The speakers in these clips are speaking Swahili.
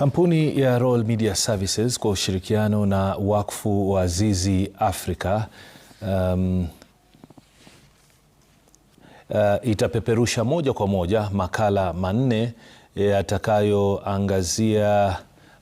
Kampuni ya Royal Media Services kwa ushirikiano na wakfu wa Zizi Africa um, uh, itapeperusha moja kwa moja makala manne yatakayoangazia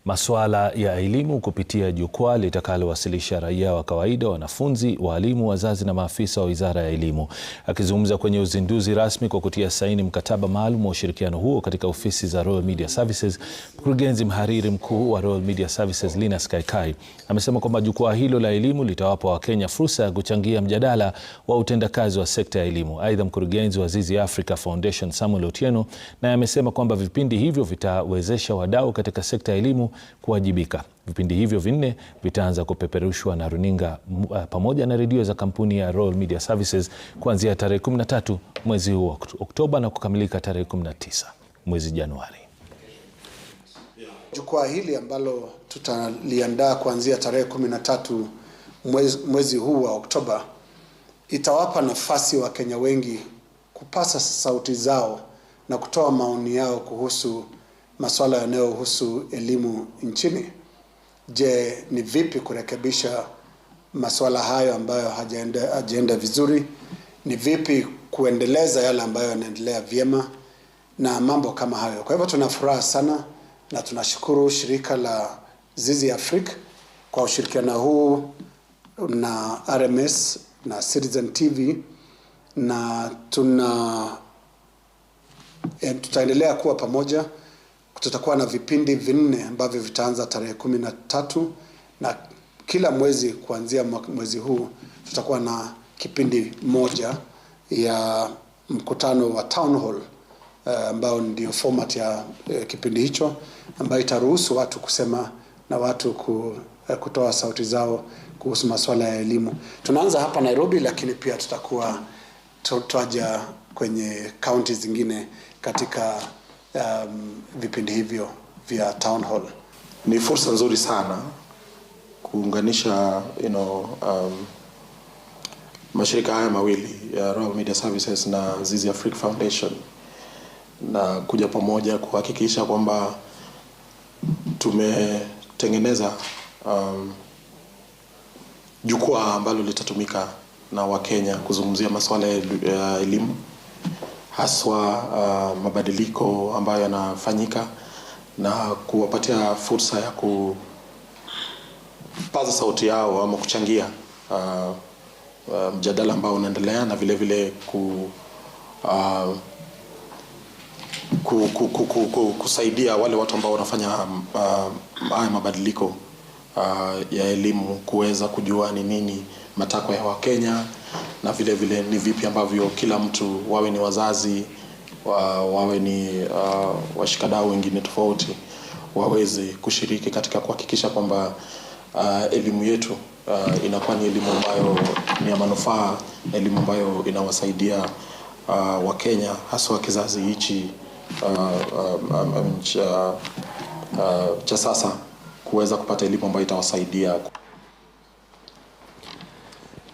masuala ya elimu kupitia jukwaa litakalowasilisha raia wa kawaida, wanafunzi, waalimu, wazazi na maafisa wa Wizara ya Elimu. Akizungumza kwenye uzinduzi rasmi kwa kutia saini mkataba maalum wa ushirikiano huo katika ofisi za Royal Media Services, mkurugenzi mhariri mkuu wa Royal Media Services Linus Kaikai amesema kwamba jukwaa hilo la elimu litawapa Wakenya fursa ya kuchangia mjadala wa utendakazi wa sekta ya elimu. Aidha, mkurugenzi wa Zizi Africa Foundation Samuel Otieno naye amesema kwamba vipindi hivyo vitawezesha wadau katika sekta ya elimu kuwajibika. Vipindi hivyo vinne vitaanza kupeperushwa na runinga eh, pamoja na redio za kampuni ya Royal Media Services kuanzia tarehe 13 mwezi huu Oktoba na kukamilika tarehe 19 mwezi Januari. Jukwaa hili ambalo tutaliandaa kuanzia tarehe 13 mwezi, mwezi huu wa Oktoba itawapa nafasi Wakenya wengi kupasa sauti zao na kutoa maoni yao kuhusu masuala yanayohusu elimu nchini. Je, ni vipi kurekebisha masuala hayo ambayo hajaenda, vizuri? Ni vipi kuendeleza yale ambayo yanaendelea vyema na mambo kama hayo. Kwa hivyo tuna furaha sana na tunashukuru shirika la Zizi Afrika kwa ushirikiano huu na RMS na Citizen TV na tuna eh, tutaendelea kuwa pamoja tutakuwa na vipindi vinne ambavyo vitaanza tarehe kumi na tatu na kila mwezi kuanzia mwezi huu tutakuwa na kipindi moja ya mkutano wa town hall eh, ambao uh, ndio format ya uh, kipindi hicho ambayo itaruhusu watu kusema na watu ku, uh, kutoa sauti zao kuhusu masuala ya elimu. Tunaanza hapa Nairobi, lakini pia tutakuwa tutaja kwenye kaunti zingine katika um, vipindi hivyo vya town hall. Ni fursa nzuri sana kuunganisha you know, um, mashirika haya mawili ya Royal Media Services na Zizi Africa Foundation na kuja pamoja kuhakikisha kwamba tumetengeneza um, jukwaa ambalo litatumika na Wakenya kuzungumzia masuala ya elimu uh, haswa uh, mabadiliko ambayo yanafanyika na kuwapatia fursa ya kupaza sauti yao ama kuchangia uh, uh, mjadala ambao unaendelea na vile vile ku, uh, ku, ku, ku, ku, ku, kusaidia wale watu ambao wanafanya uh, haya uh, mabadiliko uh, ya elimu kuweza kujua ni nini matakwa ya Wakenya na vile vile ni vipi ambavyo kila mtu wawe ni wazazi wa, wawe ni uh, washikadau wengine tofauti waweze kushiriki katika kuhakikisha kwamba uh, elimu yetu uh, inakuwa ni elimu ambayo ni ya manufaa, elimu ambayo inawasaidia uh, Wakenya haswa kizazi hichi uh, um, um, um cha, uh, cha sasa kuweza kupata elimu ambayo itawasaidia